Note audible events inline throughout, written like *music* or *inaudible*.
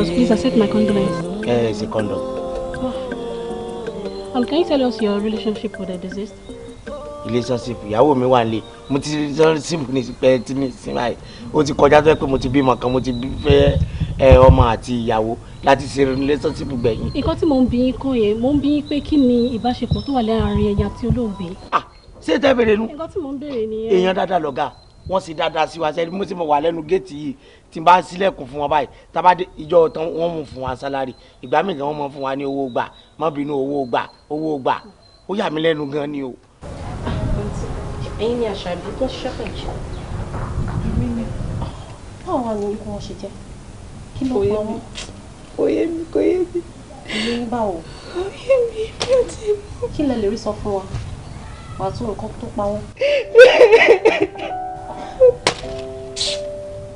us, please accept my condolences. Eh, it's a condom. Oh. And can you tell us your relationship with the deceased? relationship ìyàwó mi wà nílé mo ti relationship ní pẹ tí ní sinmi àyè ó ti kọjá tó yẹ pé mo ti bímọ kan mo ti fẹ́ ẹ ọmọ àti ìyàwó láti ṣe relationship gbẹ̀yìn. nǹkan tí mò ń bí yín kàn yẹn mò ń bí yín pé kí ni ìbáṣepọ̀ tó wà láàárín ẹ̀yin àti olóògbé. ah ṣé tẹ́ bèrè nu. nǹkan tí mò ń bèrè nìyẹn. èèyàn dáadáa lọ̀gá wọ́n sì dáadáa sí wa sẹ́ni mo sì mọ̀ wà lẹ́nu géètì yìí tí n bá sílẹ̀kùn fún wọn báyìí tábà dé ìjọ tán wọ́n mú fún wa sálárì ìgbà míì gan wọ́n mọ̀ fún wa ní owó gbà má bínú owó gbà owó gbà ó yà mí lẹ́nu gan ni o. ẹ̀yin ni àṣà ìbùkún ṣiṣẹ́ pẹ̀lú. èmi ni báwo wà lórí kí wọ́n ṣe jẹ́ kí ló pa wọ́n. kò yé mi kò yé mi. ìlú ń bá o. kò yé mi bí o ti mú. kí lẹ lè rí sọ fún wa wàá tún nǹkan tó pa wọ́n. *laughs*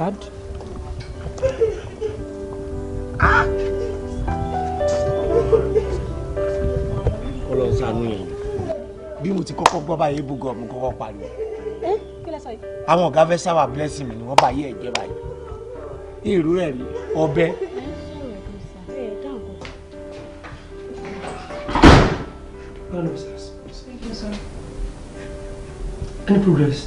understand? Ọlọ́run ṣàánú yìí. Bí mo ti kọ́kọ́ gbọ́ báyìí búgọ̀ mo kọ́kọ́ pariwo. Àwọn ọ̀gá fẹ́ sáwà blessing mi ni wọ́n bá yé ẹ̀jẹ̀ báyìí. Èrú rẹ̀ rí ọbẹ̀. Any progress?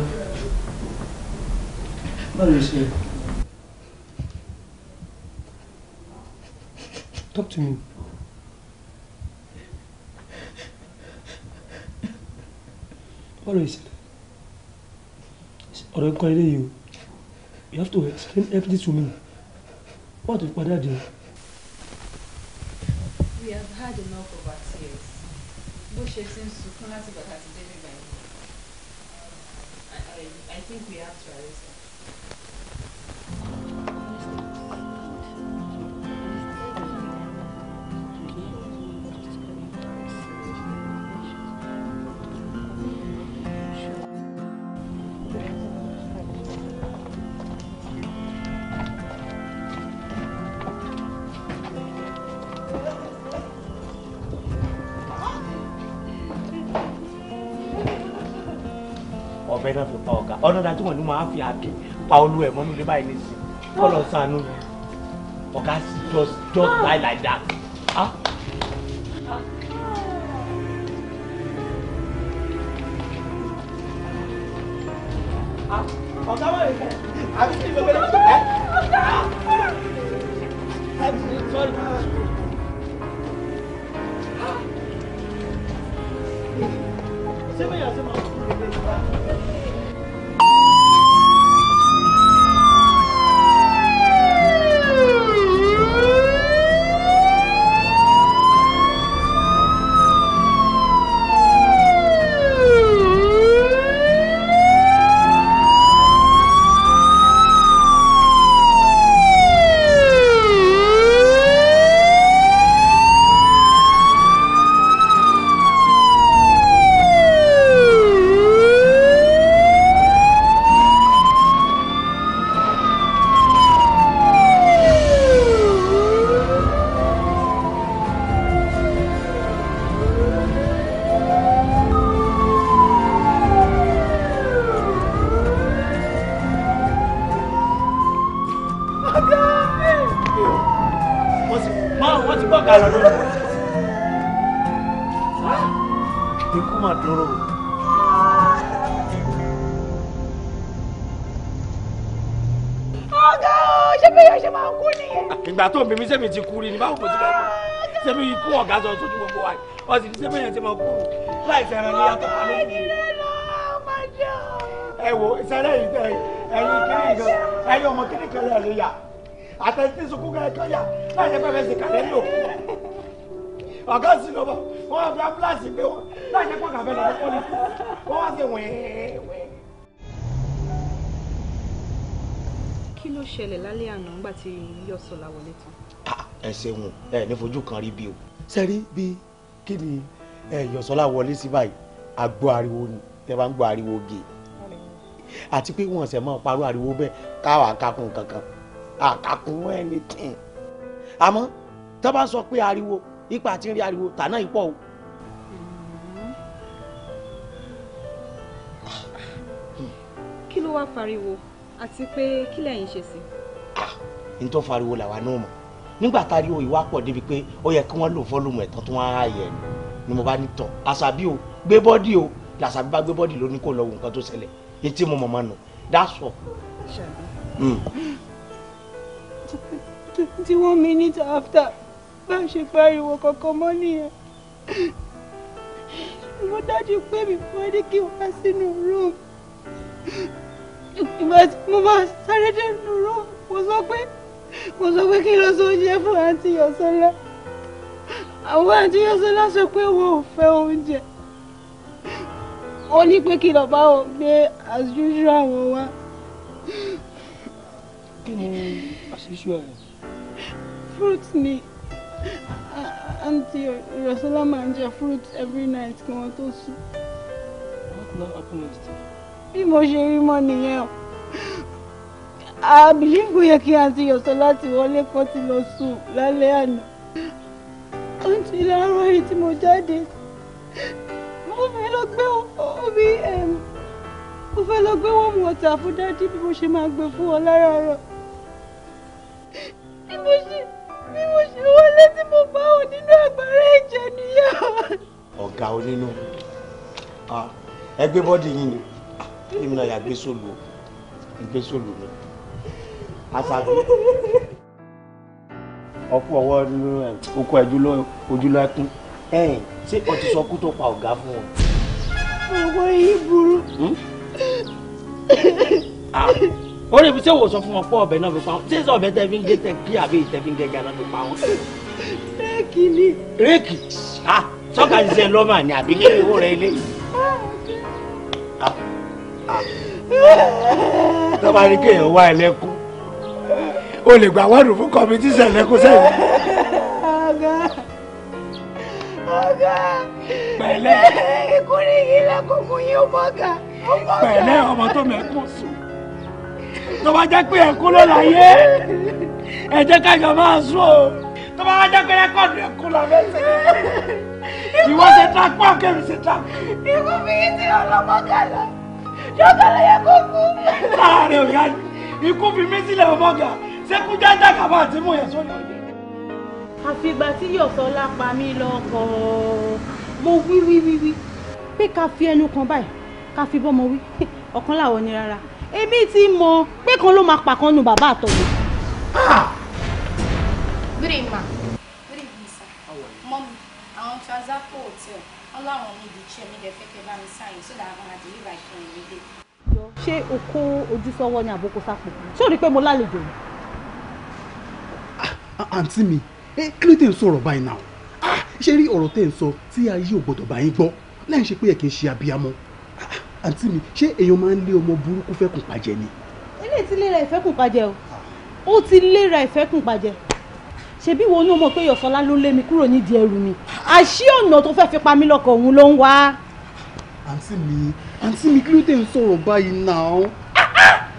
ṣe báwo ṣe. Talk to me. Báwo ṣe ọ̀rọ̀ nǹkan eléyìí o you have to explain everything to me wọ́n ti padà dé. We have had enough of our tears bó ṣe ti ń sunkún láti bàtà ti délé. I, think we have to arrest her. Opera ọ̀nà dájú wọn ni mo á fi àdè pa olú ẹ̀ mọ́nú ilé báyìí nísìnyí kọ́ lọ sànú ọ̀gá sí just just die like that. huh? Ah. ya fúláṣì pé wọn láì jẹ́ pọ̀kà bẹ́ẹ̀ lọ́dọ́ pọ́lì wọ́n wá sí wẹ́ẹ́wẹ́. kí ló ṣẹlẹ̀ lálẹ́ àná nígbà tí yọ̀sọ̀lá wọlé tán. ẹ ṣeun ẹ ní fojú kan rí bí o. sẹ́rí bí kí ni yọ̀sọ̀lá wọlé sí báyìí àgbọ̀ ariwo ni tẹ́ bá ń gbọ́ ariwo gè àti pé wọn ṣẹ̀ máa parọ́ ariwo bẹ́ẹ̀ káwa kakun kankan àkàkùn ẹni tì àmọ́ tọ́ bá sọ pé ariwo ipa ti ń rí ariwo tàná ìpọ̀ o kí ló wá pariwo àti pé kí lẹ́yìn ṣe sí. Ah, n tó fariwo làwa náà mọ̀ nígbà tá a rí o ìwà pọ̀ débi pé ó yẹ kí wọ́n lò fọ́lùmù ẹ̀ tán tó wọ́n á yẹ ni mo bá ní tọ̀ àṣàbí o gbé bọ́dì o làṣàbí bá gbé bọ́dì lóní kò lọ wo nǹkan tó ṣẹlẹ̀ etí mo mọ̀mọ́ nù dáṣọ. Hmm. tí wọ́n mi ní ta after bá a ṣe pariwo kankan mọ́ nìyẹn mo dájú pé mi fọ́ ní kí wọ́n sínú rúùmù ìgbà tí mo máa sáré dé lóró mo sọ pé mo sọ pé kí n lọ sọ oúnjẹ fún àǹtí Yọ̀sọ́lá àwọn àǹtí Yọ̀sọ́lá sọ pé wọn ò fẹ́ oúnjẹ ó ní pé kí lọ bá ò gbé as àwọn wá. kí ni as usual rẹ. fruit ni àǹtí Yọ̀sọ́lá máa ń jẹ fruit every night kí wọ́n tó sùn. what now happen next time bí mo ṣe rí mọ́ nìyẹn o àbílíǹgù yẹ kí àǹtí yọ̀sọ́ láti wọlé kọ́ ti lọ sùn lálẹ́ àná àǹtí láàárọ̀ yìí tí mo jáde mo fẹ́ lọ gbé omi mo fẹ́ lọ gbé wọ́ọ̀mù ọ̀tà fún dádì bí mo ṣe máa gbé fún ọ láràárọ̀ bí mo ṣe bí mo ṣe wọlé tí mo bá ò nínú agbára ẹ̀jẹ̀ nìyẹn. ọ̀gá onínú ah, ẹ bọ́dì yín ni èmi náà yà gbé sóòlù gbé sóòlù mi àṣàbí ọkú ọwọ́ okú ojúlọ ẹkún ẹ̀yìn ṣé o ti sọ kú tó pa ọ̀gá fún wọn. ọwọ́ yìí burú. Hmm? *laughs* Ah. ó lè fi ṣé wò sọ fún wọn pọ ọbẹ náà fi pa wọn ṣé sọ ọbẹ tẹ fi ń gé tẹ kí àbí ìtẹ fi ń gẹ ganan fi pa wọn. réèkì ni. réèkì ah, sọ́kà ṣiṣẹ́ lọ́mà ni àbí kí ni owó rẹ ilé. Ah, tó bá rí kéèyàn wá ẹlẹ́kú o lè gba wọ́ọ̀dù fún kọ́mítì sẹ̀lẹ́kú sẹ́yìn. pẹ̀lẹ́ ìkórè yìí lákòókò yìí ó mọ̀ọ́gà. pẹ̀lẹ́ ọmọ tó mẹ́kún sùn tó bá jẹ́ pé ẹ̀kú ló láyé ẹ jẹ́ kájọ máa sùn o tó bá wá jẹ́ pé rẹ́kọ̀dù ẹ̀kú la fẹ́ sẹ́yìn. ìwọ ṣe tra pọ́ọ̀kì mi ṣe tra. ikú mi yìí ti ọlọ́mọ kàlá ṣọ́kà ló yẹ kó kú. láàárín ọ̀gá ni ikú fi mí sílẹ̀ ọmọọ̀gá ṣẹ́kú jájá kàbá àti mú yẹn sórí ọ̀gá. àfìgbà tí yọ̀sọ́lá pa mí lọ́kọ̀ mo wí wí wí wí pé ká fi ẹnu kan báyìí ká fi bọ́mọ wí *laughs* ọ̀kan làwọn ni rárá èmi ti mọ pé kan ló máa pàkan nu bàbá àtọ̀wé. Ah! good evening ma good evening sir mọ́mí àwọn transapo hotel wọ́n láwọn ní ìdí chair mi dẹ̀ fẹ́ kẹ́ bá mi sáyìn so that i gonna deliver it ṣé o kó ojú sọ́wọ́ ní àbókò sápò ṣé o rí i pé mo lálejò yìí. Ah, àǹtí mi eh, kí ló dé ń sọ̀rọ̀ báyìí náà ah, ṣé rí ọ̀rọ̀ tẹ́ ń sọ tí ayé ò gbọ́dọ̀ bá yín gbọ́ láì ṣe pé ẹ̀ kì í ṣe abiyamọ ah, àǹtí mi ṣé èèyàn máa ń lé ọmọ burúkú fẹ́kùn pàjẹ́ ni. ilé ti lé ra ìfẹ́kùn pàjẹ́ o ó ti lé ra ìfẹ́kùn pàjẹ́ ṣebí wo ni o mọ̀ pé yọ̀sọ́lá ló lé mi kúrò nídìí ẹrù mi àṣì ọ̀nà tó fẹ́ fi pa mí lọ́kọ̀ òun ló ń àǹtí mi àǹtí mi kí ló tẹ̀ ń sọ̀rọ̀ báyìí náà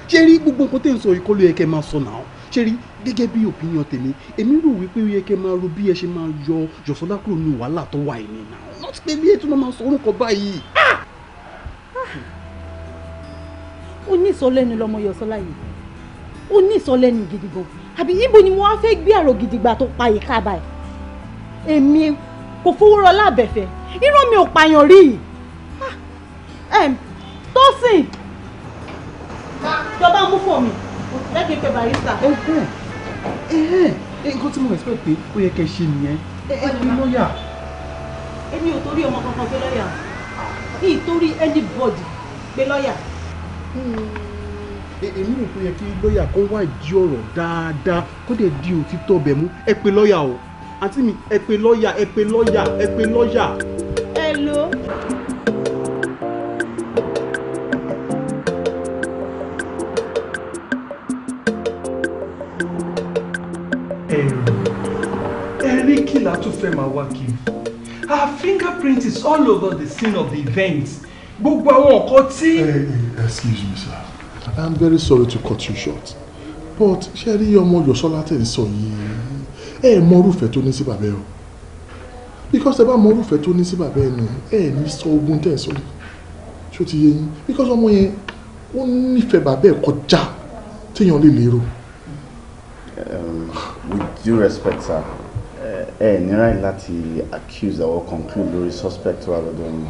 ṣé rí gbogbo nǹkan tẹ̀ ń sọ yìí kọ́ ló yẹ kẹ́ máa sọ náà ṣé rí gẹ́gẹ́ bí opinion tèmi èmi rò wípé ó yẹ kẹ́ máa ro bí ẹ ṣe máa yọ Jọ̀sọ́lá kúrò ní wàhálà tó wà yìí náà not pé bí ètò máa sọ orúkọ báyìí. ó ní ìsọlẹ́nu lọmọ Jọ̀sọ́lá yìí ó ní ìsọlẹ́nu gidi gan àbí ibo ni wọ́n á fẹ́ gbé àrò gidigba tó pa ìka báyìí èmi kò fowó rọ lábẹ́fẹ́ irọ́ mi ò pààyàn rí yìí move for me. sìn jọba mú fò mi lẹ́kìn pé barista. nǹkan tí mo expect pé ó yẹ kẹ́ ṣe nìyẹn ẹ ẹ pé lọ́ọ̀yà. èmi ò torí ọmọ kankan pé lọ́ọ̀yà mi ì torí anybody pé lọ́ọ̀yà hmm. èmi rò pé yẹ lawyer? lọ́ọ̀yà kan wá da da. dáadáa kó dẹ̀ di òtítọ́ bẹ̀ mú ẹ pé lọ́ọ̀yà o Auntie, me eh, pé lawyer. Eh, pé lawyer. Eh, pé lawyer. tún fẹ́ máa her fingerprint is all over the scene of the event gbogbo àwọn nǹkan tí. Eh, eh, excuse me sir i am very sorry to cut you short but ṣe your ọmọ your tẹ̀ is so yìí ẹ Moru orúfẹ́ tó ní sí o because ẹ bá mọ orúfẹ́ tó ní sí bàbá ẹ nù ẹ ní sọ ogun tẹ̀ ń sọ yìí ṣó ti yé yín because ọmọ yẹn ó nífẹ̀ẹ́ bàbá ẹ kọjá téèyàn um, with due respect sir ẹ ní right láti accuse or conclude lórí suspect wa lọ́dọ̀ yín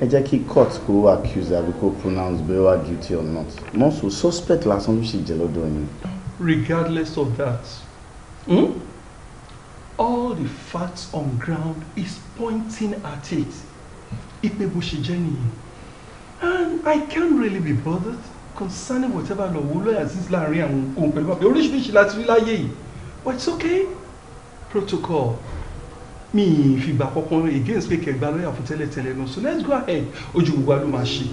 ẹ jẹ́ kí court kó accuse àbí kó pronounce bẹ́ẹ̀ wá guilty or not mọ́sù suspect lásán ló sì jẹ́ lọ́dọ̀ yín. regardless of that hmm? all the facts on ground is pointing at it ipe bó ṣe jẹ́ nìyí and I can't really be bothered concerning whatever lọ́wọ́ lọ́yà sí láàrin àwọn ohun pẹ̀lú bàbá oríṣiríṣi láti rí láyé yìí but it's okay protocol mi ìfìgbà kankan against pé kẹgbà lọ́yà fún tẹ́lẹ̀tẹ́lẹ̀ náà so let's go ahead ojú gbogbo wa ló máa ṣe.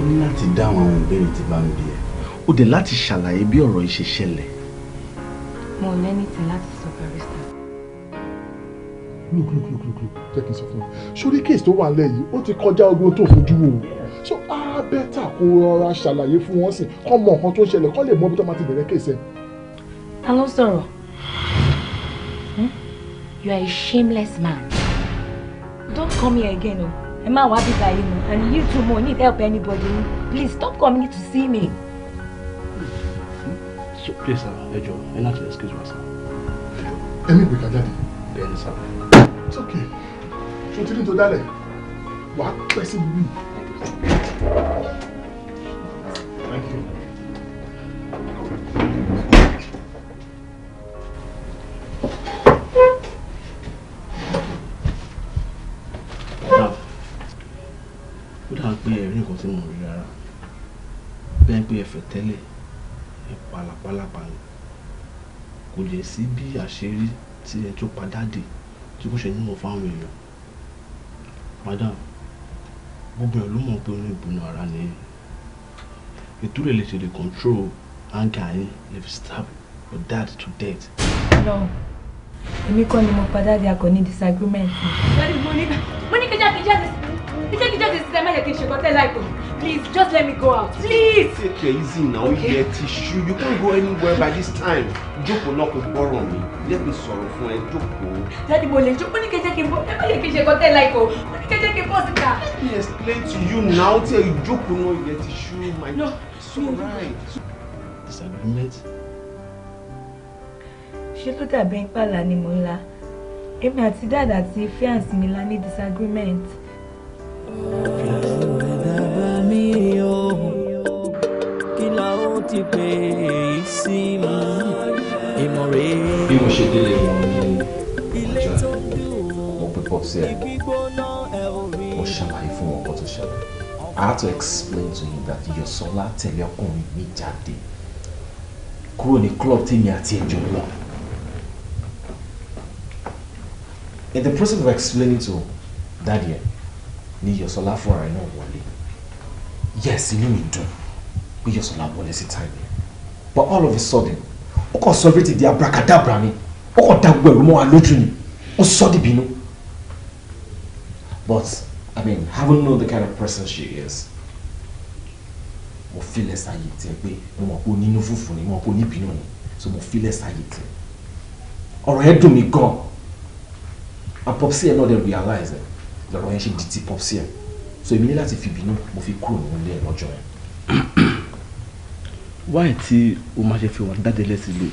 ó ní láti dáhùn àwọn ìbéèrè tí bá ń bí ẹ ó dé láti ṣàlàyé bí ọ̀rọ̀ yìí ṣe ṣẹlẹ̀. mo ò lẹ́ni tí láti sọ barista. look look look look jẹ́ kí n sọ fún ọ sórí case tó wà nílẹ̀ yìí ó ti kọjá ogun tó fojú wò so a ah, á bẹ́tà kó rọra ṣàlàyé fún wọn sìn kọ́ mọ nǹkan tó ń ṣẹlẹ̀ kọ́ lè mọ ibi tó máa ti bẹ̀rẹ̀ kéèsì ta ló sọ̀rọ̀ hmm? you are a shameless man don't come here again o ẹ má wá bíbá yìí mọ and you too mo need help anybody please stop coming to see me. So, please sir ẹ jọ̀ọ́ ẹ láti excuse me sir. ẹ̀mí ìgbèkà jáde. bẹ́ẹ̀ ni sir. it's okay ṣòtítì tó dálẹ̀ wàá pẹ́ sí bíbí tẹ́lẹ̀ ẹ pàlàpàlàpà ni kò lè sí bí àṣírí tí ẹ tó padà dé tí kò ṣe nínú fáwọn èèyàn madam gbogbo ẹ̀ ló mọ̀ pé inú ìbùnú ara ni ètò rẹ̀ lè ṣe lè control anger yín lè fi stab your dad to death. no èmi kọ́ ni mo padà di akọ ní disagreement. lórí mo ní mo ní kejì àkejì àti kejì àkejì àti sísè má yẹ kí n ṣe kọ́tẹ́ láìpẹ́ please just let me go out please. take it easy now okay. yẹ tissue you can't go anywhere by this time jókòó náà kò gbọ́rọ̀ mi let me sọ̀rọ̀ fún ẹ jókòó. jáde mo lè jókòó ní kejì àkejì àti kejì àkejì àti kejì àkejì àti kejì àkejì àti kéjèké bọ́ síta. let me explain to you now tí ẹ jókòó náà yẹ ti ṣú my no it's alright. disagreement. ṣé ló dàbí ń pààlà ni mò ń la èmi àti dáadáa ti fiance mi la ní disagreement. kí la bí mo ṣe délé wọn ní ọjà mo pè pọ̀ sí ẹ mo ṣàlàyé fún wọn kan tó ṣẹlẹ̀ I had to explain to him that Yọ̀sọ́lá tẹ̀lé ọkùnrin mi jáde kúrò ní club tèmi àti ẹ̀jọ̀ lọ. In the process of explaining to daddy ẹ̀ ni Yọ̀sọ́lá fúnra ẹ̀ náà wọlé yes inú mi dùn pé Yọ̀sọ́lá wọlé sí time yẹn but all of a sudden ó kàn sọ everything di abracadabra ni ó kàn da gbogbo ẹ̀rù mọ́ wa lójú ni ó sọ́ dìbínú but I mean, having known the kind of person she is, more fi lẹ sáyé tiẹ pé mo mọ̀ pé o nínú funfun ni mo mọ̀ pé o níbínú ni so mo fi lẹ sáyé tiẹ ọ̀rọ̀ yẹn dùn mí gan and popsi yẹn náà realize ẹ lọ́rọ̀ yẹn ṣe di see. popsi so èmi ní láti fi bínú mo fi kúrò nínú ilé ẹ lọ́jọ́ yẹn. wáyé tí o máa ṣe fi wà dáadé lẹ́sìn lò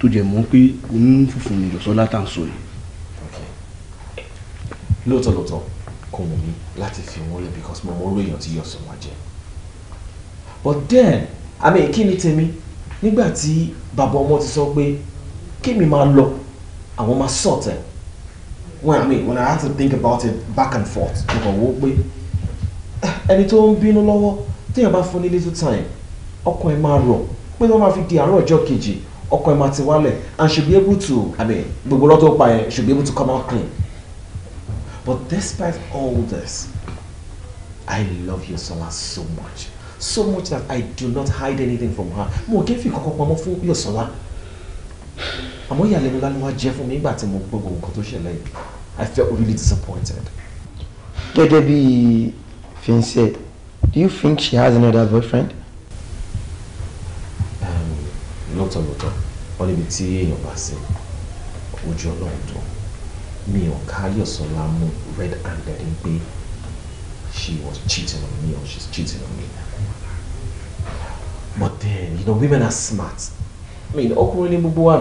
tó jẹ́ monkey, pé onínú funfun ni ìjọsọ́lá tà ń sọ yìí. lóòótọ́ lóòótọ́ kò wù mí láti fi wọn lẹ̀ because mo mọ orí èèyàn tí yọ sùn wọn jẹ but then àmì kí ni tèmi nígbà tí bàbá ọmọ ti sọ pé kí mi máa lọ àwọn máa sort ẹ when I mean when I had to think about it back and forth mo kàn wó pé ah, ẹni tó ń bínú lọ́wọ́ téèyàn bá fún ní little time ọkàn ẹ máa rọ̀ pé wọ́n máa fi di àárọ̀ ọjọ́ kejì ọkàn ẹ máa ti wálẹ̀ and should be able to I mean gbogbo lọ́tọ̀ pa ẹ should be able to come out clean But despite all this, I love your Yosola so much. So much that I do not hide anything from her. Mo kì í fi kọ́kọ́ pamọ́ fún Yosola. Àmọ́ ìyàlẹ́nu ńlá ló wá jẹ́ fún mi nígbà tí mo gbọ́ gbogbo nǹkan tó ṣẹlẹ̀ I felt really disappointed. Gẹ́gẹ́ bí Finn do you think she has another boyfriend? Lóòótọ́ lóòótọ́, wọ́n níbi tí èèyàn bá sí, ojú Ọlọ́run tó mi ò ká Yọ̀sọ́lá mú red handed ń pé she was cheating on me or she's cheating on me but then you know women are smart I mean ọkùnrin ní gbogbo wa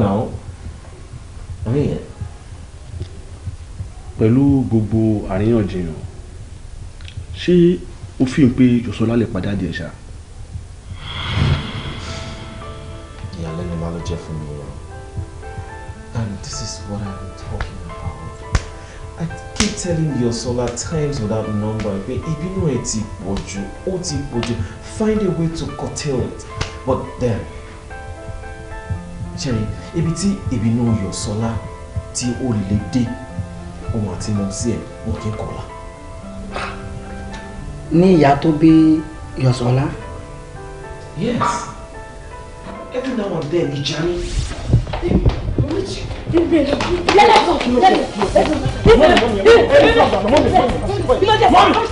I mean. pẹ̀lú gbogbo àríyànjiyàn ṣé ó fi hàn pé Yọ̀sọ́lá lè padà díẹ̀ ṣáà. ìyàlẹ́nu wa ló jẹ́ fún mi o and this is what I keep telling Yosola times without number pé ìbínú ẹ̀ ti pọ̀ jù ó ti pọ̀ find a way to curtail it but then ṣẹ́yìn ibi tí ìbínú Yosola tí ó lè dé ohun àti mọ̀ sí ẹ̀ wọ́n kí n kọ́lá. ní ìyá tó bí Yosola. yes every now and then ìjà ni. Let me go.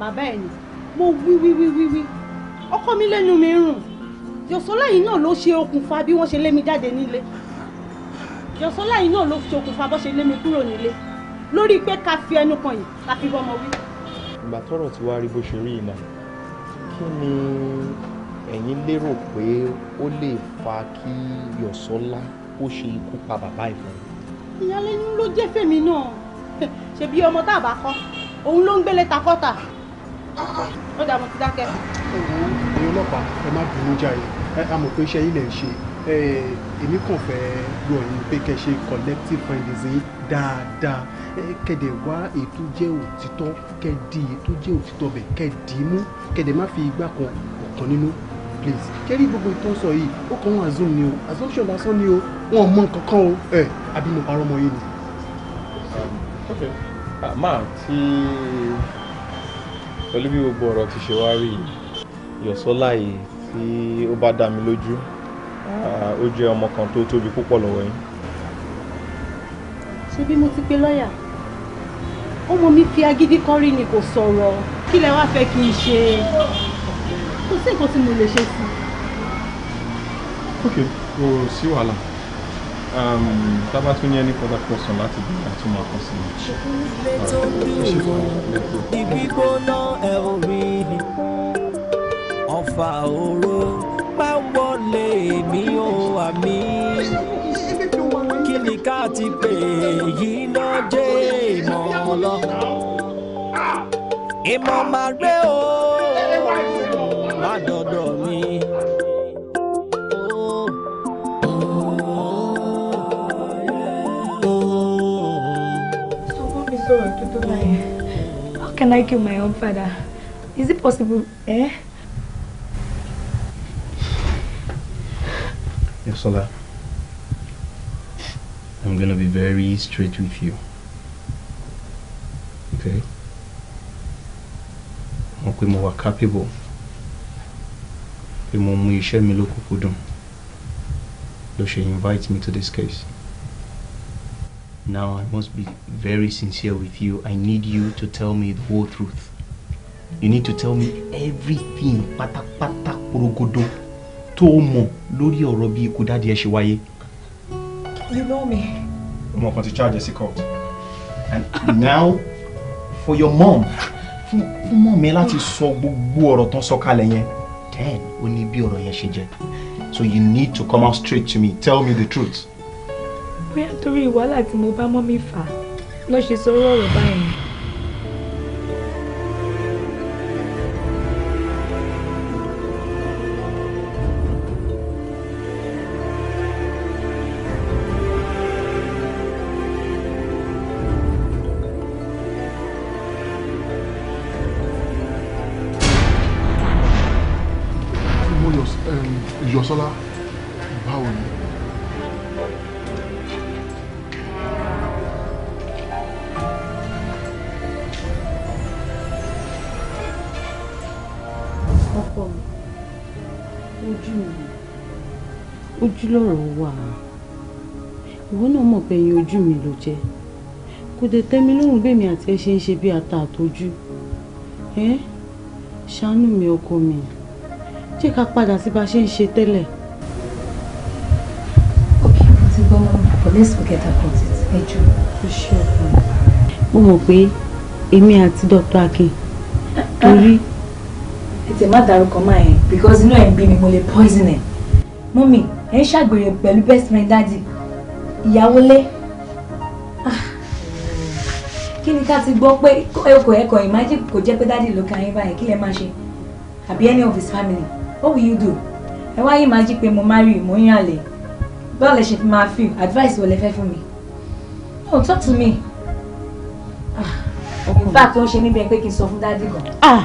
bàbá ẹ̀ ni mo wí wí wí wí wí ọkọ mi lẹ́nu mi rùn jọ̀sọ́lá yìí náà ló ṣe okùnfà bí wọ́n ṣe lé mi jáde nílé jọ̀sọ́lá yìí náà ló ṣe okùnfà bó ṣe lé mi kúrò nílé lórí pé ká fi ẹnu kan yìí ká fi bọ́mọ wí. ìgbà tọ́rọ̀ ti wá rí bó ṣe rí iná kí ni ẹ̀yin lérò pé ó lè fa kí yọ̀sọ́lá ó ṣe ikú pa bàbá ìfọ̀. ìyàlẹ́nu ló jẹ́ fèmí náà ṣebí ọmọ tá a bá kọ́ òun ló ń gbélé takọ́ta ó dà mo ti dákẹ́. ẹ̀yin ọlọ́pàá ẹ má bínú jàre a mọ̀ pé iṣẹ́ yìí lè ń ṣe èmi kàn fẹ́ rọ yín pé kẹ́ ṣe collective findings yín dáadáa kẹ̀dẹ̀ wá ètò jẹ́ òtítọ́ kẹ́ẹ̀dì ètò jẹ́ òtítọ́ bẹ̀ kẹ́ẹ̀dì mú kẹ̀dẹ̀ má fi igbá kan ọ̀kan nínú please kẹ́rí gbogbo ìtàn sọ yìí ó kàn wọ́n assume ni o assumption lásán ni o wọn ò mọ nǹkan kan o ẹ àbí mo parọ́ mọ́ yìí ni. máa um, ah, ti pẹ̀lú bí gbogbo ọ̀rọ̀ ti ṣe wá rí yìí yọ̀sọ́lá yìí tí ó bá dá mi lójú ó jẹ́ ọmọ kan tó tóbi púpọ̀ lọ́wọ́ yín. ṣé bí mo ti pé lọ́ọ̀yà ọmọ mi fi agídí kan rí ni kò sọ̀rọ̀ kí lẹ wá fẹ́ kí n ṣe kò sí nǹkan tí mo lè ṣe sí ok kò sí wàhálà. Um, tábà tún ní any further question láti bí a tún máa kàn sí i. ìgbígbóná ẹ̀rù mi mi ó àmì kí ni ká ti pè yìí lọ́jọ́ ìmọ̀ lọ. ìmọ̀ máa gbé o. can I kill my own father? Is it possible? Eh? Yosola, I'm gonna be very straight with you. Okay? Mo pé mo wà capable. Pé mo mú iṣẹ́ mi lókùnkúndùn. Ló ṣe invite me to this case. Now I must be very sincere with you. I need you to tell me the whole truth. You need to tell me everything Pata pata tó Tomo mọ̀ lórí ọ̀rọ̀ bí ikú dáadé ẹ You know me. I'm kan to charge ẹ sí And now for your mom fún mom, mọ̀ mi láti sọ gbogbo ọ̀rọ̀ tán sọ kalẹ̀ yẹn then ó ní bí ọ̀rọ̀ yẹn ṣe So you need to come out straight to me. Tell me the truth bóyá torí wàhálà tí mo bá mọ́ mi fà lọ́ ṣe sọ ọ̀rọ̀ báyìí lójú lọ́rọ̀ wà ìwọ náà mọ̀ pé ẹyin ojú mi ló jẹ́ kò dé tẹ́mi lọ́rùn bẹ́ẹ̀ mi àti ẹ ṣe ń ṣe bí ata àtọ́jú ẹ ṣàánú mi ọkọ mi jẹ́ ká padà sí bá ṣe ń ṣe tẹ́lẹ̀. ok mo ti gbọ́ but let's forget about it ẹ jù. ó ṣe ọkọ mi. mo mọ̀ pé èmi àti Dr. Akin torí. ẹ tẹ̀ má dárúkọ máa yẹn because inú ẹ̀ ń bí mi mo lè poison ẹ̀ mọ́mì ẹ̀ ń ṣàgbèrè pẹ̀lú best friend dáàdì ìyàwó lé ah. kí ni ká ti gbọ́ pé ẹ̀kọ́ ẹ̀kọ́ imagine kò jẹ́ pé dáàdì ló ka yín báyìí kí lẹ máa ṣe àbí any of his family what will you do ẹ wá imagine pé mo marry mo ń yànlẹ̀ báwo lẹ ṣe fi máa feel advice wo lẹ fẹ́ fún mi no oh, talk to me ah. in fact ó ń ṣe níbi ẹ pé kí n sọ fún dáàdì gan. ah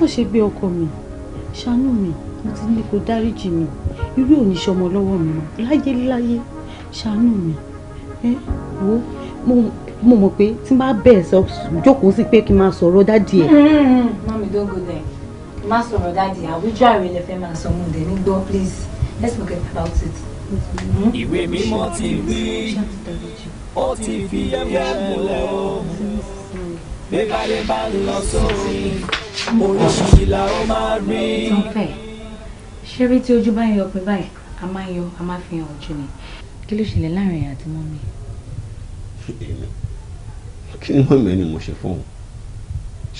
mo ṣe gbé ọkọ mi ṣàánú mi mo ti ní kó dáríjì mi irú òníṣẹ́ ọmọ mi mọ́ láyé ṣàánú mi ẹ wo mo mọ̀ pé tí n bá bẹ̀ẹ̀ sọ jókòó sí pé kí n máa sọ̀rọ̀ dádì ẹ̀. mami don't go there má sọ̀rọ̀ dádì àwíjàre lè fẹ́ máa sọ mọ́ndé ní gbọ́ please let's forget about it. Hmm? ìwé mímọ́ ti wí ó ti fi ẹgbẹ́ múlẹ̀ o bébàdé bá lọ sórí oríṣiríṣi la ó máa rí ṣé rí tí ojú bá ń yọ ọpẹ báyìí a máa ń yọ a máa fi hàn ojú ni kí ló ṣẹlẹ̀ láàrin ẹ̀yà àti mọ́mí. èmi kí ni mọ́mí ẹni mo ṣe fún un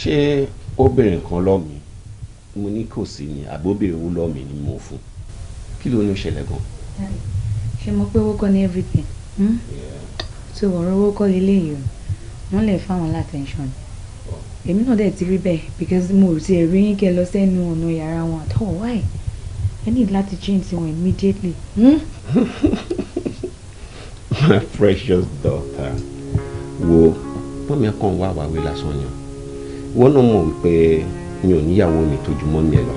ṣé ó béèrè nǹkan lọ́mí mo ní kò sí ni àbóbìnrin owó lọ́mí ni mo fún kí ló ní ṣẹlẹ̀ gan. ṣe mo pé owó kọ́ ní everything tí hmm? ọ̀rọ̀ owó kọ́ lé léyìí o wọ́n lè fáwọn látẹ̀ńṣọ̀n oh. èmi náà dẹ̀ ti rí bẹ́ẹ̀ because mo ò tiẹ̀ rí yín kẹ́ lọ sẹ́nu ọ̀nà yàrá wọn àtọ̀wọ́ wáyé. I need ní láti change wọn immediately. Hmm? *laughs* my precious daughter wo mọ́mí I kàn wá wàwé lásán yẹn wọ́n you. One wípé mi ò you mi tójú mọ́mí ẹ̀ lọ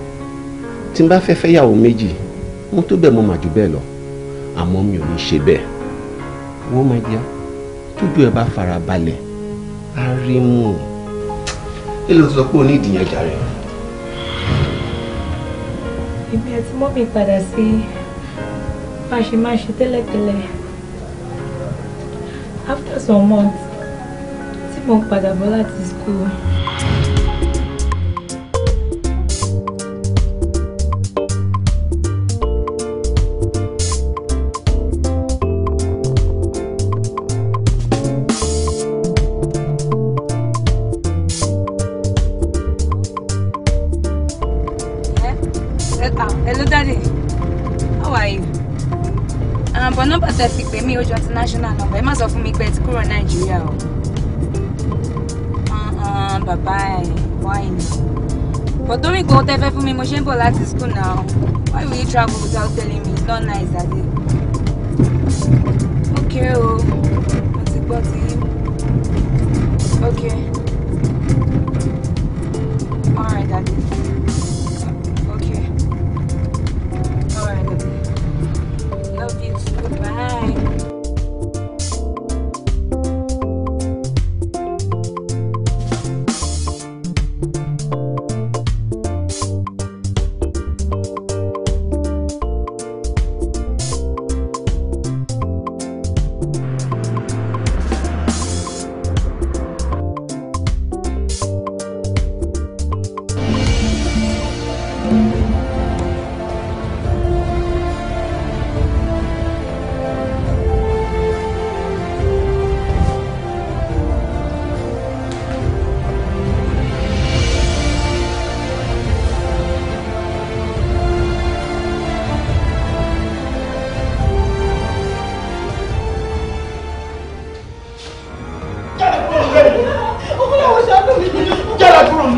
tí n bá fẹ́ fẹ́yàwó méjì mo tó bẹ́ẹ̀ mo mà jù bẹ́ẹ̀ lọ àmọ́ mi ò ní ṣe bẹ́ẹ̀ wọ́n máa jẹ́ tójú ẹ bá fara balẹ̀ á rí mú un. kí ló sọ pé o ní mọ́mì padà sí bá a ṣe máa ṣe tẹ́lẹ̀tẹ́lẹ̀ after some months tí mo padà bọ̀ láti school. bọ̀ láti school now why will you travel without telling me not nice abi. okay oh, mo ti okay.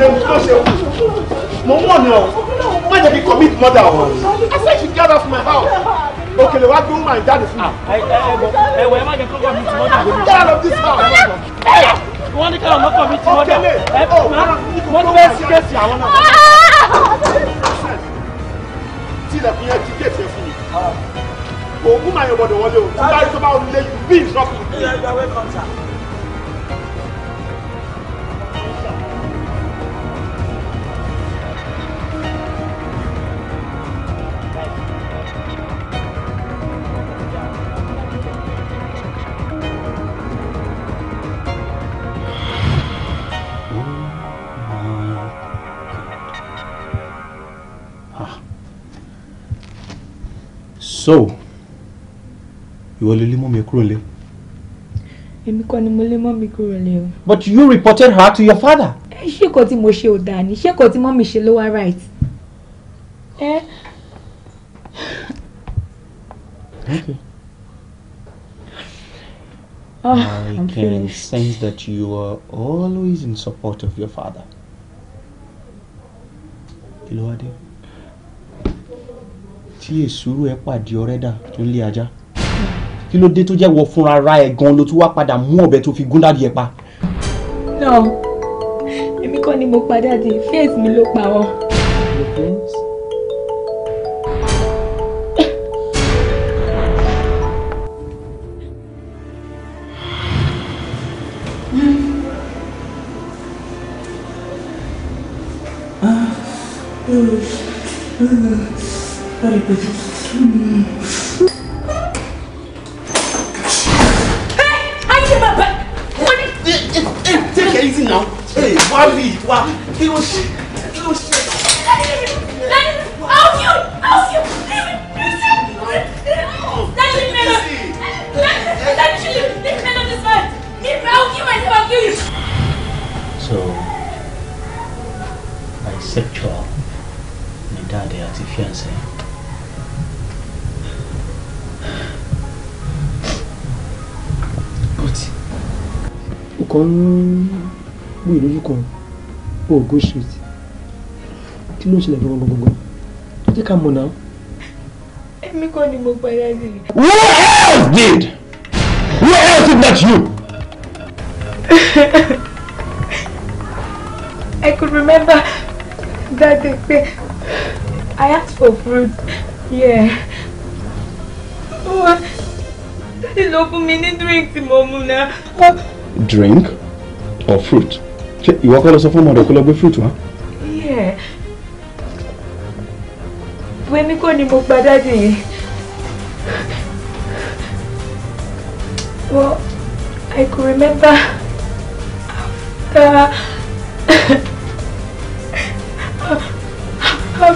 name kí ló ṣe o mo mọ̀ ní ọ má jẹ́ kí commit murder o I said she get off my house òkèlè wá gbé woman jáde fún mi. ẹwẹ ah, ẹ má jẹ́ kó commit murder. Ah, get out of this house. wọ́n ní káwọn mọ́kàn mi ti mọ́dà ẹ wọ́n oh, ah, fẹ́ sí kéèsì àwọn náà. tí ilẹ̀kùn yẹn ti kéèsì ẹ fún mi òògùn máa yọ gbọ́dọ̀ wọlé o tí báyìí tó bá wọlé yìí bí ìṣọ́kùn. so ìwọ lè lé mọ́ mi kúrò lé. èmi kọ́ ni mo lé mọ́ mi kúrò lé o. but you reported her to your father. ẹ ṣé kò tí mo ṣe ò dáa ni ṣé kò tí mọ́ mi ṣe ló right. ẹ. okay. Oh, I I'm can finished. sense that you are always in support of your father. Kí ló tí èsúrú ẹ pàdé ọ̀rẹ́dà tó ń lé ajá kí ló dé tó jẹ́ wọ fúnra ra ẹ̀ gan ló tún wá padà mú ọ̀bẹ tó fi gún dádì ẹ pa. no èmi kọ́ ni mo pa dádì faith mi ló pa wọn. Mm-hmm. Ah. Very good. Hey, I came back. What is Take it easy now. Hey, Wally, what? He was. He was. How you? How you? That is men of. That is The men of this man. Me, I'll kill myself. I'll kill you. So, bisexual, ni dade àti fiancé. kan ń wù lójú kan ó go straight kí ló ń ṣẹlẹ̀ gbọ́ngbọ́n gbọ́ngbọ́n jẹ́ ká mọ̀ náà. èmi kọ́ ni mo padà sí. who else did who else if not you. I could remember that day I asked for fruit. Yeah. Oh, daddy ló fún mi ní drink tí mo mú náà drink or fruit ṣé ìwọ kọ́ lọ sọ fún ọmọ ọ̀dọ̀ kó lọ gbé fruit wá. wẹ́mí kọ́ ni mo gba dáàdì yìí well I could remember after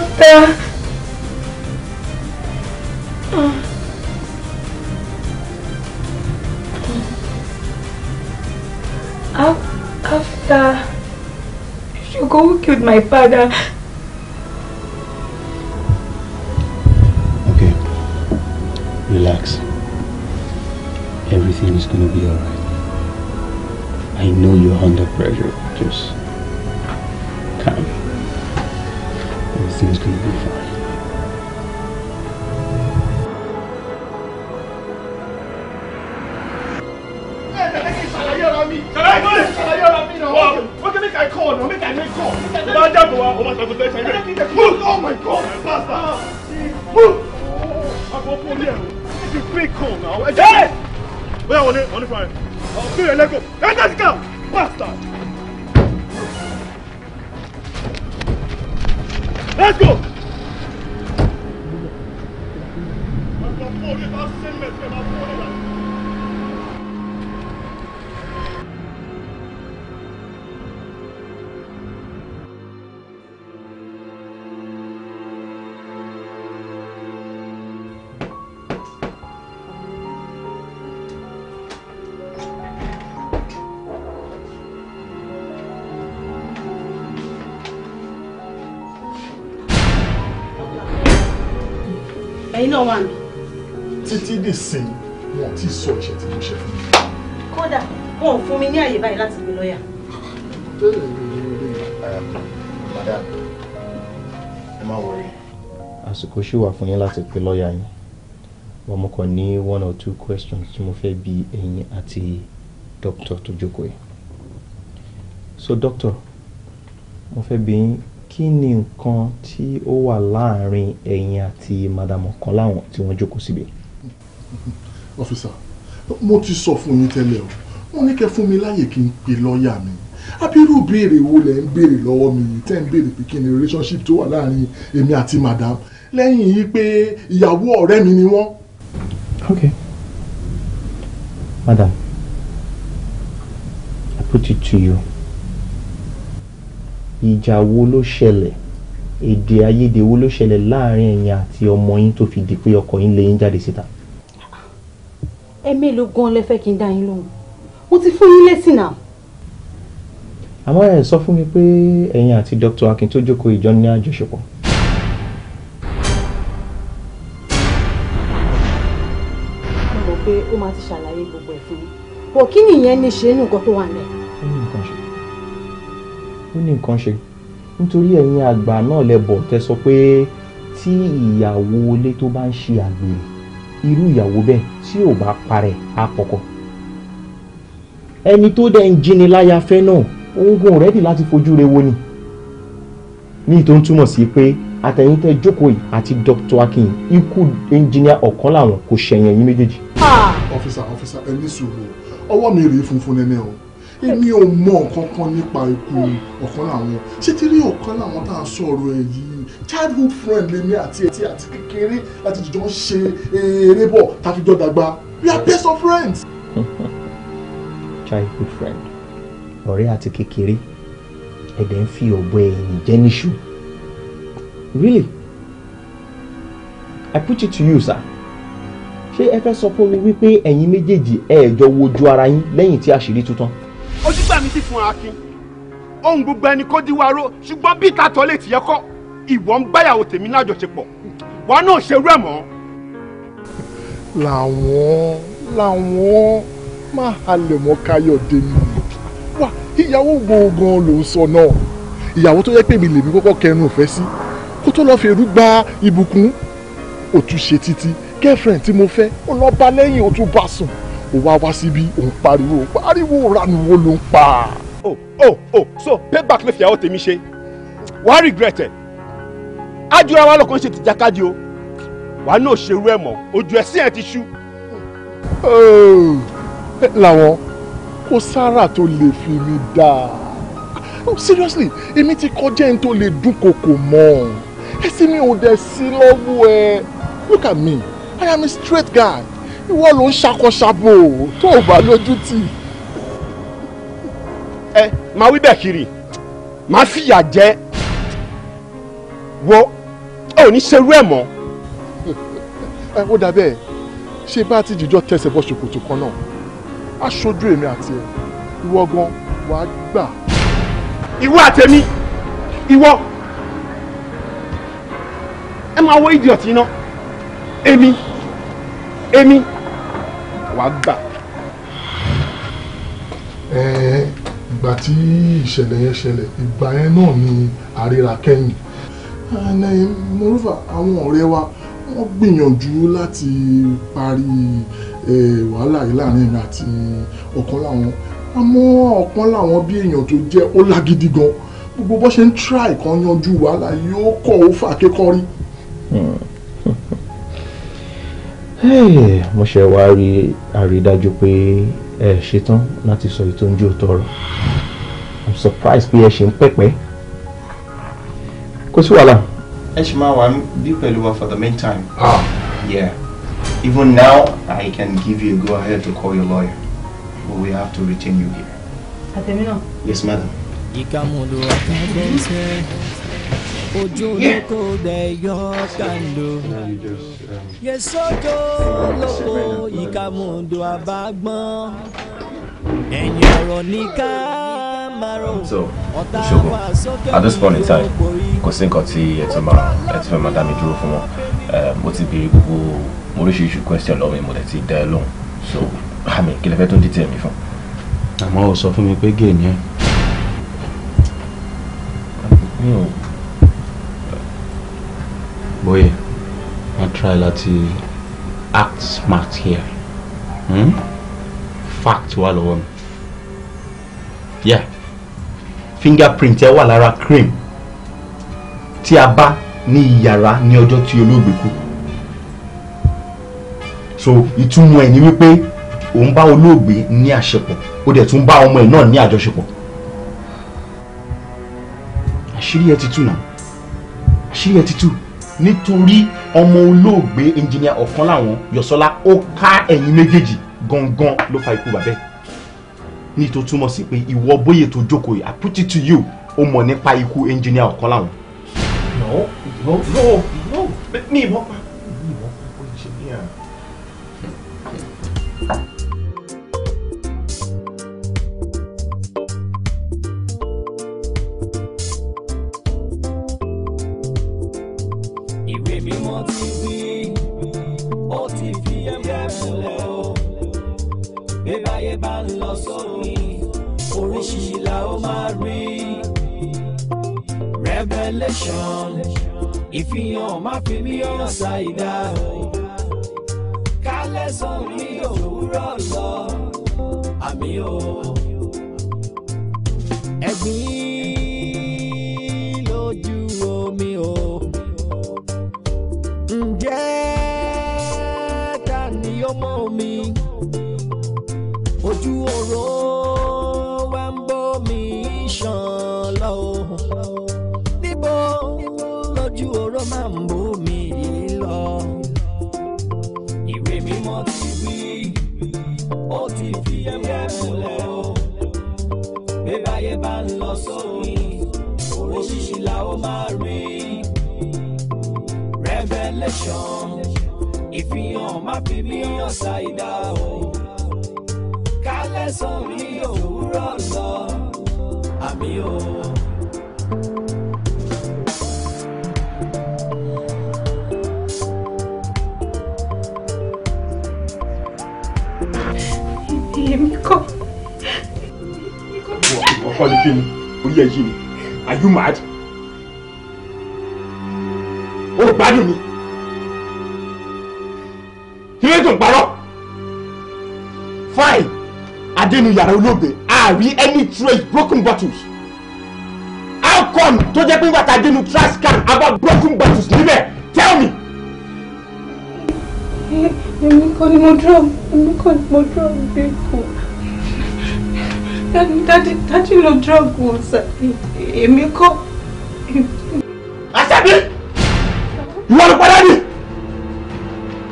*laughs* after. killed my father. Okay. Relax. Everything is going to be alright. I know you're under pressure. Just calm. Everything's going to be fine. Go back to the station. Move! Oh my God! Basta. Oh, I'm going to pull you. It's a big call now. Hey! Where are it? On the fire. I'll do Let go. Hey, let's go! Faster! Let's go! náà wà mí. títí dè sí wọn ti sọ ìṣẹ́ tí mo ṣe fún mi. kódà wọn ò fún mi ní àyè báyìí láti gbé lọ́ọ̀yà. madam ẹ má wọrí. àsìkò ṣì wà fún yín láti pe lọ́ọ̀yà yín wọn mo ní one or two questions tí mo fẹ́ bi ẹ̀yin àti dókítà tó jókòó yìí. so doctor mo fẹ́ bi yín kí ni nǹkan tí ó wà láàrin ẹ̀yin àti madam ọ̀kan láwọn tí wọ́n jókòó síbẹ̀. ọ́fíìsà mo ti sọ fún yín tẹ́lẹ̀ o mo ní kẹ́ fún mi láàyè kí n pe lọ́ọ̀yà mi abirú béèrè wo lẹ́ ń béèrè lọ́wọ́ mi tẹ́ ń béèrè pé kí ni relationship tó wà láàrin èmi àti madam lẹ́yìn yìí pé ìyàwó ọ̀rẹ́ mi ni wọ́n. ok madam i put it to you ìjà wo ló ṣẹlẹ̀ èdè àìyedè wo ló ṣẹlẹ̀ láàrin ẹ̀yin àti ọmọ yín tó fi di pé ọkọ yín lé yín jáde síta. ẹ mélòó gan-an lẹ fẹ́ kí n dá yín lóhùn mo ti fún yín lẹ́sìn náà. àmọ́ ẹ sọ fún mi pé ẹ̀yin àti Dr. Akin tó jókòó ìjọ ní àjọṣepọ̀. mo mọ̀ pé ó máa ti ṣàlàyé gbogbo ẹ̀ fún mi bọ̀ kí nìyẹn ní ṣe é nù nǹkan tó wà nílẹ̀ ó ní nǹkan ṣe nítorí ẹ̀yin àgbà náà lẹ́bọ̀ tẹ́ sọ pé tí ìyàwó ilé tó bá ń ṣe àgbèrè irú ìyàwó bẹ́ẹ̀ tí ò bá parẹ́ á pọkọ. ẹni tó dẹ̀ ń jíni láya fẹ́ náà oògùn rẹ́dì láti fojú rewo ni ní tó ń túmọ̀ sí pé àtẹ̀yìntẹ́ jókòó yìí àti Dr. Akin ikú ẹnjìníà ọ̀kan làwọn kò ṣẹ̀yìn ẹ̀yìn méjèèjì. ọ́fíìsà ọ́fíìsà ẹni sùúrù ọwọ́ mi rèé funfun nẹ́nẹ́ o èmi ò mọ nǹkan kan nípa ikú ọ̀kan làwọn ṣé tí rí ọ̀kan làwọn tá à sọ̀rọ̀ ẹ̀ childhood friend lèmi àti ẹ̀tí àti kékeré láti jọ ń ṣe eré bọ̀ tàbí jọ dàgbà we are best of friends. *laughs* childhood friend ọ̀rẹ́ àti kékeré ẹ̀dẹ̀ ń fi ọ̀bọ ẹ̀yìn jẹ́ níṣu really i put it to you sir ṣé ẹ fẹ́ sọ fún mi wípé ẹ̀yin méjèèjì ẹ jọ wojú ara yín lẹ́yìn tí àṣírí tú tán ojúgbà mi sì fún akin ohun gbogbo ẹni kó díwáró ṣùgbọ́n bí ìtàtọ̀ lè tìyẹ́ kọ́ ìwọ ń báyàwó tèmi náà jọṣepọ̀ wàá náà ṣerú ẹ̀ mọ́. làwọn làwọn máa halẹ̀ mọ́ káyọ̀dé mi wá ìyàwó gbọ̀ngàn ló ń sọ náà ìyàwó tó yẹ pé mi lèmi kọ́kọ́ kẹnu òfẹ́ sí kó tó lọ́ọ́ fi eru gba ìbùkún òtúnṣe títí girlfriend tí mo fẹ́ ó lọ́ọ́ bá lẹ́yìn ó bá sùn ó wá wá síbí òun pariwo pariwo ranuwo ló ń pa. o oh, o oh, o oh, so payback ló fi àwọn tèmi ṣe wà á regret ẹ ájúra wa lọkàn ṣe tìjàkadì o wà á náà ṣerú ẹ mọ ojú ẹ sí ẹ ti ṣú. làwọn kó sára tó lè fi mi dá no seriously èmi ti kọjá ẹni tó lè dúnkokò mọ́ ẹ sí mi ò dẹ̀ sí lọ́wọ́ ẹ look at me i am a straight guy ìwọ ló ń ṣàkọṣàbò tó o bá lójú tì. ẹ máa wí bẹ́ẹ̀ kiri máa fìyà jẹ wo ẹ ò ní ṣerú ẹ mọ́. ẹ ó dà bẹ́ẹ̀ ṣé bá ti jìjọ tẹsẹ̀ bọ́ ṣòkòtò kan náà aṣojú èmi àti ẹ ìwọ gan wàá gbà. ìwọ àtẹmí ìwọ ẹ máa wọ ìdí ọtí náà èmi èmi wá gbà. ìgbà tí ìṣẹ̀lẹ̀ yẹn ṣẹlẹ̀ ìgbà yẹn náà ni àríra kẹ́yìn eh, moreover àwọn ọ̀rẹ́ wa wọ́n gbìyànjú láti parí eh, wàhálà yìí láàrin èmi àti ọ̀kan láwọn àmọ́ ọ̀kan láwọn bí èèyàn tó jẹ́ ó lágídí gan gbogbo bó ṣe ń try kan yanjú wàhálà yóò kọ̀ ó fà kékọ́rí. Hmm mo ṣe wá rí àrídájú pé ẹ ṣetán láti sọ ètò oúnjẹ òótọ́ ọ̀rọ̀ i'm surprised pé ẹ ṣe ń pẹ́pẹ́ kò sí wàhálà. ẹ ṣì máa wà bí pẹ̀lú wa for the meantime. ah yeah even now i can give you a go ahead to call your lawyer but we have to retain you here. àtẹ̀mí náà. yes madam. ìkàmúlò àtàgbẹ́sẹ̀. Ojoloko de yokando. Yesojo loko ikamundo abagbon. Ẹ̀yin ọ̀rọ̀ ní ká márùn. So, Ṣogun, at this point in time, kò sí nǹkan tí ẹ ti máa ẹ ti fẹ́ máa dá mi dúró fún wọn. Ehm, mo ti béèrè gbogbo oríṣiríṣi question lọ́wọ́ mi, mo dẹ̀ ti dá ẹ lóhùn. So, àmì kí lẹ fẹ́ tó ń dìtẹ̀ mi fún. Àmọ́ o sọ fún mi pé gèè Boy, I try to act smart here hmm? fact wà lọ́wọ́ yeah fingerprint ẹ wà lára cream tí a bá ní iyàrá ní ọjọ́ tí olóògbé kú so ìtumọ̀ ẹ̀ ni wípé òun bá olóògbé ní àṣepọ̀ ó dẹ̀ tún bá ọmọ ẹ̀ náà ní àjọṣepọ̀ àṣírí ẹ ti tú náà àṣírí ẹ ti tú nítorí ọmọ olóògbé ẹnjìníà ọ̀kan láwọn Yọ̀sọ́lá ó ká ẹ̀yìn méjèèjì gangan ló fa ikú bàbẹ́ ní tó túmọ̀ sí pé ìwọ bóyè tó jókòó yìí I put it to you ó mọ̀ nípa ikú ẹnjìníà ọ̀kan láwọn. no no no no mi ìmọ̀ pa selection ìfihàn má fi mí ọ̀ràn ṣàìdá o kálẹ̀ sọ̀rọ̀ mi òwúrọ̀ lọ àmì o. mílíọ̀n ṣàìdá o kálẹ̀ sọ òwúrọ̀ sọ àmì o. èmi kọ́. ìwọ kọ́ ni kí ni orí ẹ are you mad. nínú yàrá olóògbé a any trace broken bottles how come tó jẹ́ pé wàtá dénú trash can about broken bottles níbẹ̀ tell me. èmi kọ́ ni mo dúró èmi kọ́ ni mo dúró bí kò dájú dájú ló dúró kò sà èmi kọ́. àṣàbí ìwọ ló padà ní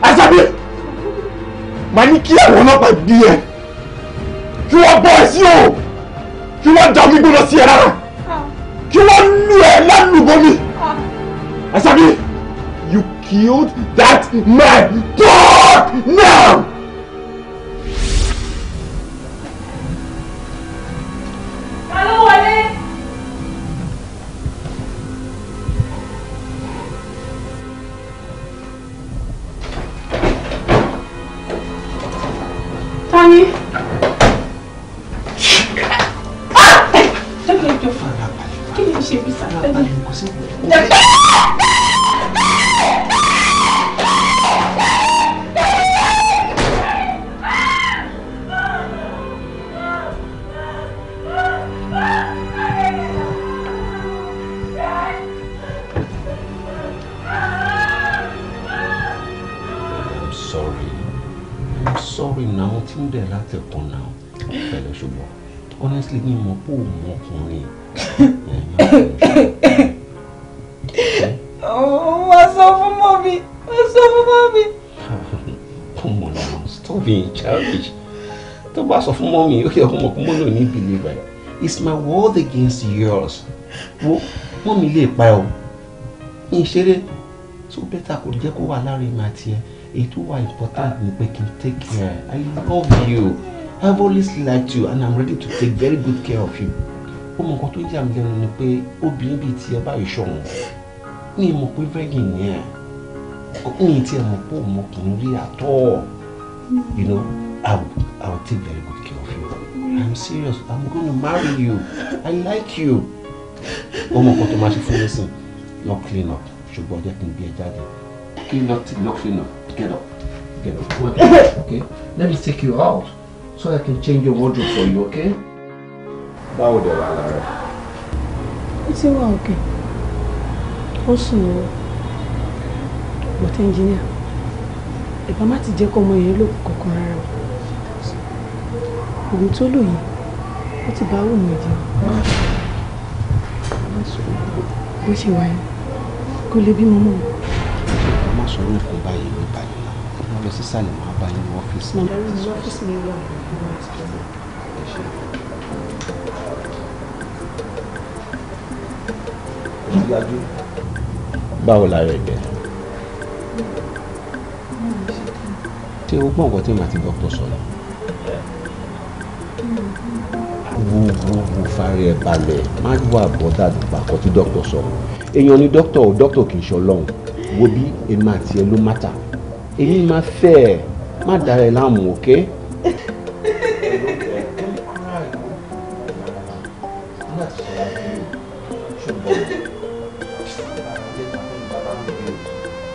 àṣàbí màá ní kí àwọn ọlọ́pàá bí ẹ kí wọ́n bọ́ ẹ sí o kí wọ́n da omi gbóná sí ẹ rárá kí wọ́n lu Asami, you killed that man talk now. Mommy, okay, yẹ ọmọ kún mọ́nà ní believe it. It's my world against yours. Wo mọ́mí lè pa ọ́. Ní ìṣeré tó bẹ́tà kò jẹ́ kó wà láàrin mi àti ẹ. Èyí tó wà important ni pé kí n take care. I love you. I've always liked you and I'm ready to take very good care of you. Ó mọ nǹkan tó yà mí lẹ́nu ni pé obìnrin bíi tiẹ̀ báyìí ṣọ̀wọ́n. Ní ìmọ̀ pé virgin ni ẹ̀ ní ti ẹ̀ mọ̀ pé òun ọkùnrin rí àtọ́ you know I will, I will take very good care. I'm serious. I'm going to marry you. I like you. Omo kan tó máa ṣe fún mi sìn. clean up. Ṣùgbọ́n jẹ́ kí n bí ẹ jáde. Clean up, lọ clean up. Get up. Get up. Okay? Let me take you out so I can change your wardrobe for you, okay? Báwo dẹ̀ wà lára? Ó ti wà òkè. Ó sùn engineer? Bọ̀tẹ́ ẹnjìníà. Ìbámá ti jẹ́ kọ́ ọmọ yẹn lókun kankan rárá o òwe tó lò yìí ó ti bá wùmí jẹ bó ṣe wà yìí kò lè bímọ mọ́. a máa sọ orí nǹkan báyìí ní báyìí náà wọ́n lọ sí sàlẹ̀ máa bá yín ní ọ́fíìsì. màdàrú ní ọ́fíìsì mi wà. báwo la rẹ̀ gẹ̀? ṣé o gbọ́ nǹkan tí màá ti dọ́kítọ̀ sọ̀rọ̀? wo wo wo balẹ̀ má wà bọ́dà tí dókítà sọ èèyàn ni dókítà ò dókítà kì í ṣe ọlọ́run wo bí èmi àti ẹ ló mátà èmi máa fẹ́ ẹ má dára ẹ láàmú òkè.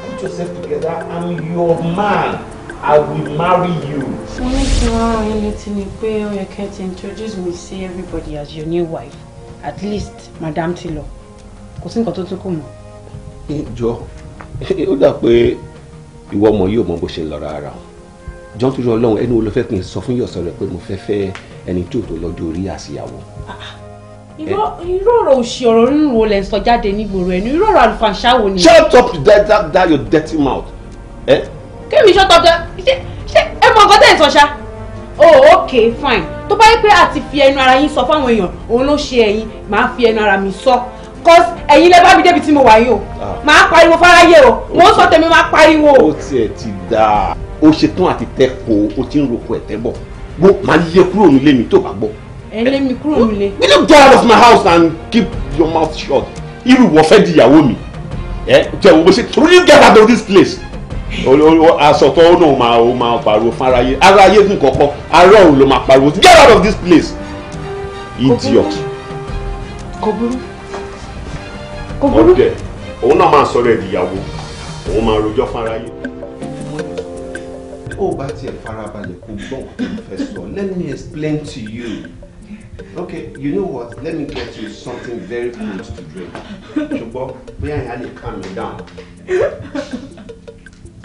Put yourself together. I'm your man. I will marry you. Mo ní kí wọ́n rán yín létí ni pé ó introduce me sí everybody as your new wife at least Madame ti lọ kò sí nǹkan tó tún kù mọ́. jọ ó dà pé ìwọ ọmọ yìí ò mọ bó ṣe lọ rárá o jọ́n tó yọ ọlọ́run ẹni wo ló fẹ́ kí n sọ fún yọ̀sọ̀ rẹ pé mo fẹ́ fẹ́ ẹni tí ò tó lọ́jọ́ orí àṣìyàwó. Ah, irú ọ̀rọ̀ òṣì ọ̀rọ̀ rírun wo ń sọ jáde nígboro ẹnu irú ọ̀rọ̀ ni. shut up that that that your dirty mouth. Eh? kéwì shut up ṣe ṣe ẹ mọ nǹkan tẹ̀ ń sọ ṣá oh okay, fine tó bá yẹ pé àti fi ẹnu ara yín sọ fáwọn èèyàn òun ló ṣe ẹ̀yin màá fi ẹnu ara mi sọ cos ẹ̀yin lẹ bá mi débi tí mo wà yìí o ah. màá pariwo fáráyé o mo ń sọ tèmi màá pariwo. ó tiẹ̀ ti dáa ó ṣetán àti tẹ́kọ̀ọ́ ó ti ń roko ẹ̀tẹ́ bọ̀ gbó màá lé e kúrò nílé mi tó bá gbọ́. ẹ lé mi kúrò nílé. will you go out of my house and keep your mouth shut irú wọ́n fẹ́ di ìyàwó mi ẹ jẹ́ wo bó ṣe torí get out of this place asọ̀tọ̀ ó náà máa ó máa pariwo fún aráyé aráyé gùn kọ̀ọ̀kan ará òun ló máa pariwo get out of this place idiot. kò burú kò òun náà máa sọ̀rọ̀ ẹ̀dìyàwó òun máa rojọ́ fún aráyé. ó bá tiẹ̀ farabalẹ̀ kó gbọ́ òun let me explain to you. Okay, you know what? Let me get you something very close to drink. Ṣùgbọ́n, bóyá ìyá lè calm me down.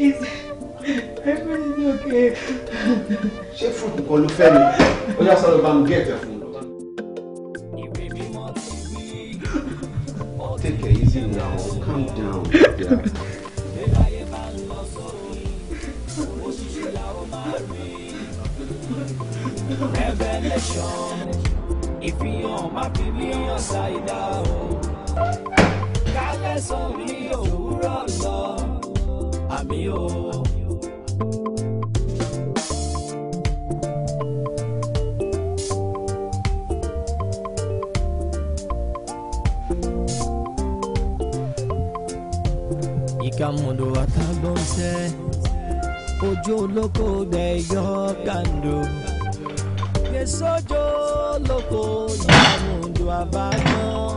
Please. Everything is okay. Ṣé fruit kan ló fẹ́ ni? Ó yá sọ́dọ̀ bá mi gé ẹ̀tẹ̀ fún un. Oh, take it easy now. Calm down. Ìfihàn má fi mí hàn ṣàìdá o. Kálẹ̀ sọ mí òwúrọ̀ lọ. Ika àmì o. ikamodo akagbọnsẹ ojú olóko gbẹyọ kando gbèsòjò olóko ikamodo abagbọn.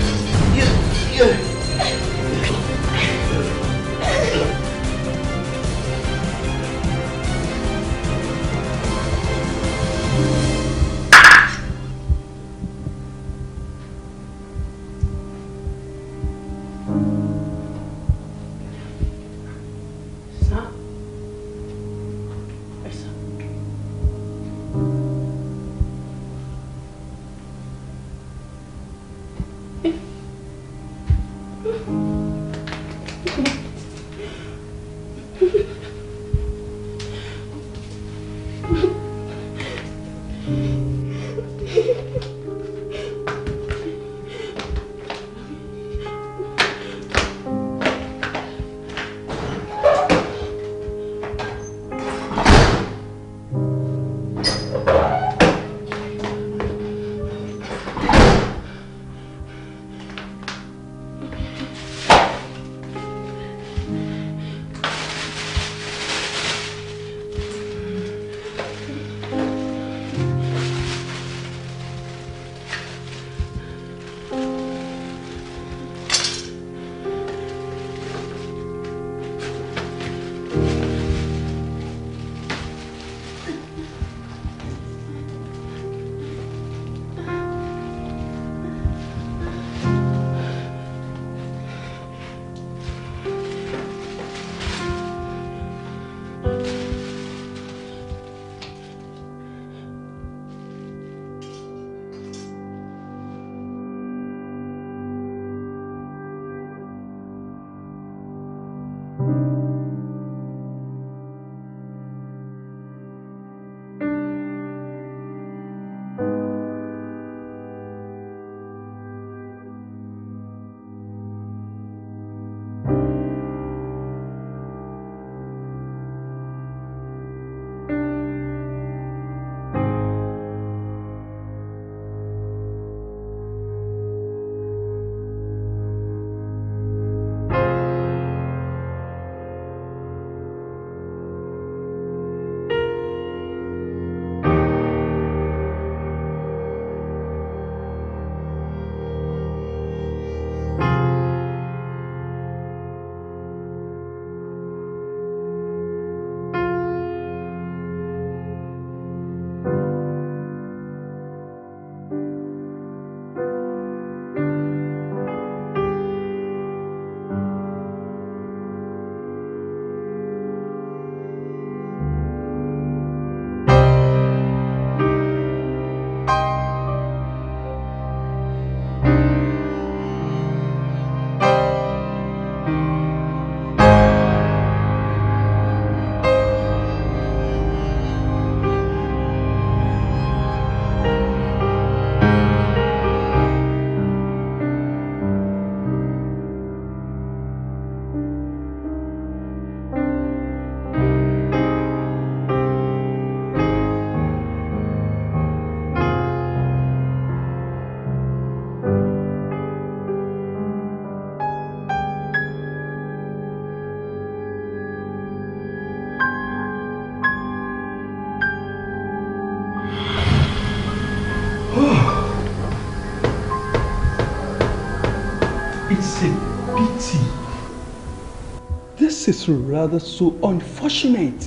is rather so unfortunate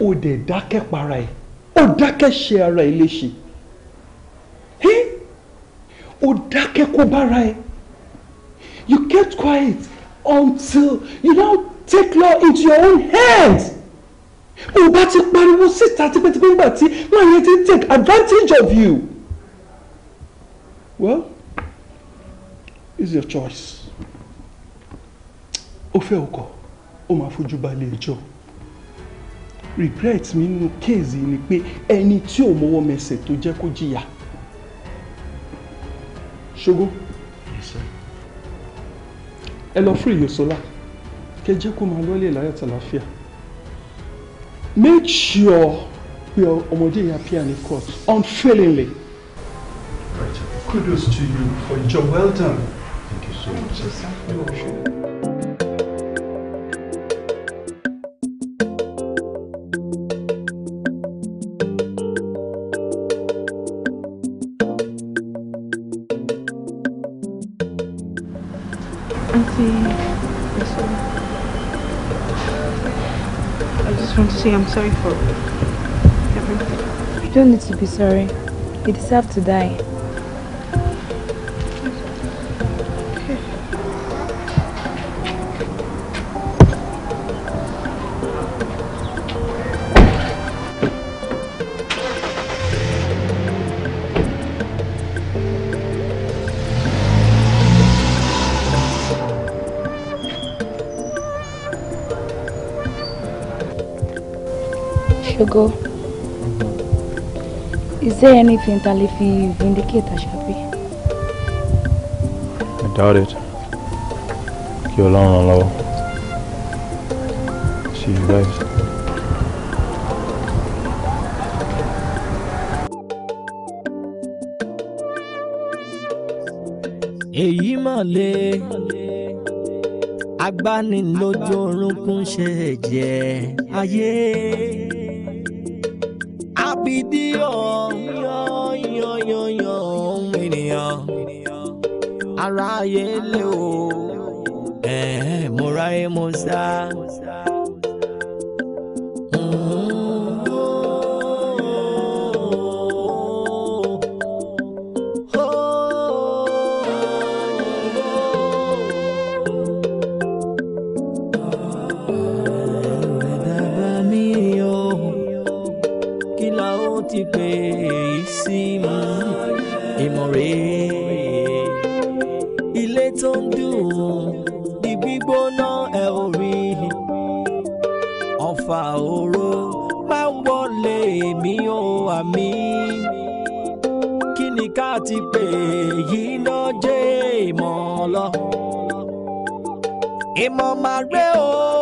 ó dẹ̀ dákẹ́ para ẹ̀ ó dákẹ́ ṣe ara ẹ̀ léṣe ó dákẹ́ kó bára ẹ̀ you kept quiet until you now take law into your own hands mo bá ti pariwo síta tipẹ́tipẹ́ nígbà tí wọ́n yẹn ti take advantage of you well it's your choice ó fẹ́ o ó máa fojú balẹ̀ ẹjọ́ regret mi nínú kéèzì ni pé ẹni tí ò mọwọ́ mẹsẹ̀ tó jẹ́ kó jìyà ṣogo ẹ lọ fún ìyòsọlá kẹ jẹ́ kó máa lọ́lẹ̀ láyọ̀ tàlàfíà make sure pé ọmọdé yẹn appear ní court unfailingly. Right. Kudos to you for your job well done. Thank you so much. Thank you, say I'm sorry for everything. You don't need to be sorry. You deserve to die. go. Is there anything that if you vindicate Ashabi? I doubt it. You're alone alone. See you guys. èyí mà le agbanilójú orúnkún ṣe jẹ ayé. aráyé lé o. ẹ̀ẹ́n mo ráyé mo sá. ìmọ̀ máa rẹ o.